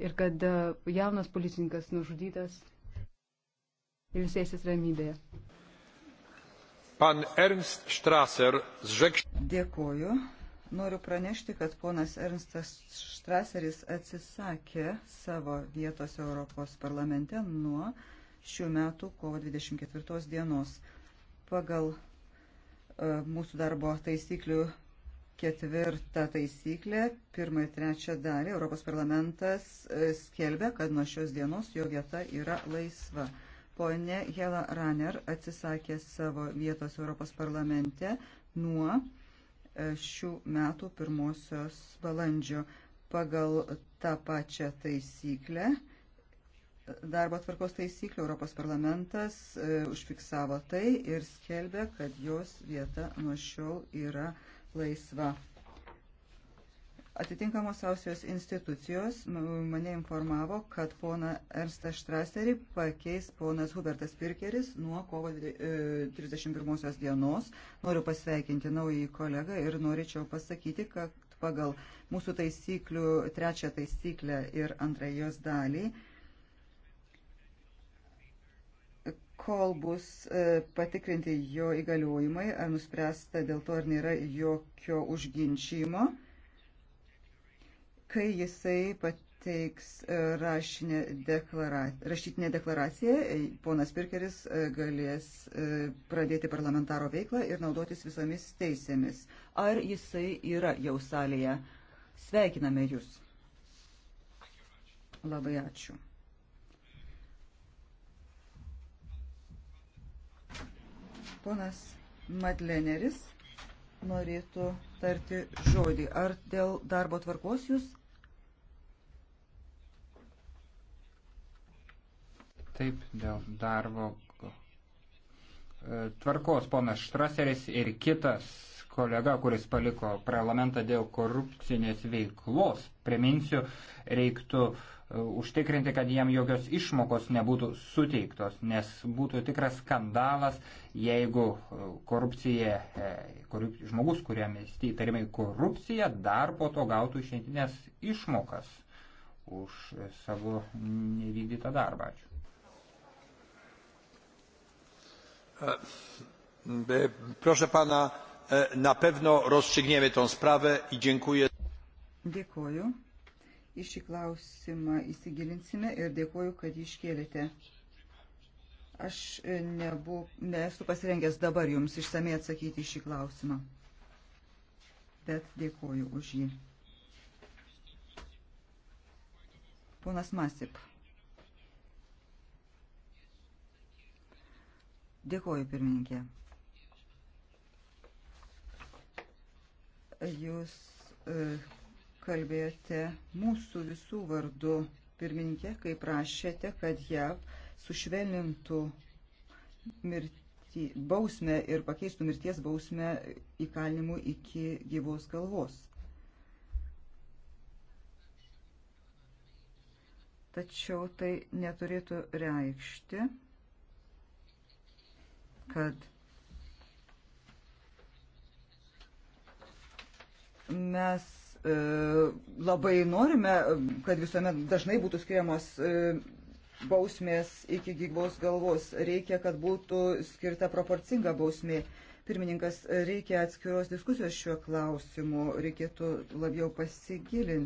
ir kad e, jaunas policininkas nužudytas ir sėsis ramybėje. Pan Ernst Strasser zžekš. Dėkuoju. Noriu pranešti, kad ponas Ernstas Štraseris atsisakė savo vietos Europos parlamente nuo šių metų kovo 24 dienos. Pagal e, mūsų darbo taisyklių ketvirtą taisyklę, pirmą ir trečią dalį, Europos parlamentas e, skelbia, kad nuo šios dienos jo vieta yra laisva. Pone Hela Raner atsisakė savo vietos Europos parlamente nuo e, šių metų pirmosios balandžio. Pagal tą pačią taisyklę, darbo tvarkos taisyklę, Europos parlamentas e, užfiksavo tai ir skelbė, kad jos vieta nuo šiol yra laisva laisva. Atitinkamos Austrijos institucijos mane informavo, kad pona Ernstą Štraserį pakeis ponas Hubertas Pirkeris nuo kovo 31 e, dienos. Noriu pasveikinti naująjį kolegą ir norėčiau pasakyti, kad pagal mūsų taisyklių trečią taisyklę ir antrąjį jos dalį kol bus e, patikrinti jo įgaliojimai, ar nuspręsta dėl to, ar nėra jokio užginčymo, kai jisai pateiks e, rašinę deklara, rašytinę deklaraciją, e, ponas Pirkeris galės pradėti parlamentaro veiklą ir naudotis visomis teisėmis. Ar jisai yra jau salėje? Sveikiname Jūs. Labai ačiū. Ponas Madleneris norėtų tarti žodį. Ar dėl darbo tvarkos jūs? Taip, dėl darbo e, tvarkos ponas Štraseris ir kitas kolega, kuris paliko parlamentą dėl korupcinės veiklos, priminsiu, reiktų e, užtikrinti, kad jam jokios išmokos nebūtų suteiktos, nes būtų tikras skandalas, jeigu e, korupcija, e, korup, žmogus, kuriam įtarimai korupcija, dar po to gautų išeitinės išmokas už savo nevykdytą darbą. Ačiū. Proszę pana, E, na pewno rozstrzygniemy tą sprawę i dziękuję. Dėkoju. Į šį klausimą įsigilinsime ir dėkoju, kad iškėlėte. Aš e, nebu, nesu pasirengęs dabar jums išsamei atsakyti į šį klausimą, bet dėkoju už jį. Ponas Masip. Dėkoju, pirmininkė. jūs e, kalbėjote mūsų visų vardu pirmininkė, kai prašėte, kad JAV sušvelnintų mirtį, bausmę ir pakeistų mirties bausmę įkalinimu iki gyvos galvos. Tačiau tai neturėtų reikšti, kad Mes e, labai norime, kad visuomet dažnai būtų skiriamos e, bausmės iki gyvos galvos. Reikia, kad būtų skirta proporcinga bausmė. Pirmininkas, reikia atskiros diskusijos šiuo klausimu, reikėtų labiau pasigilinti.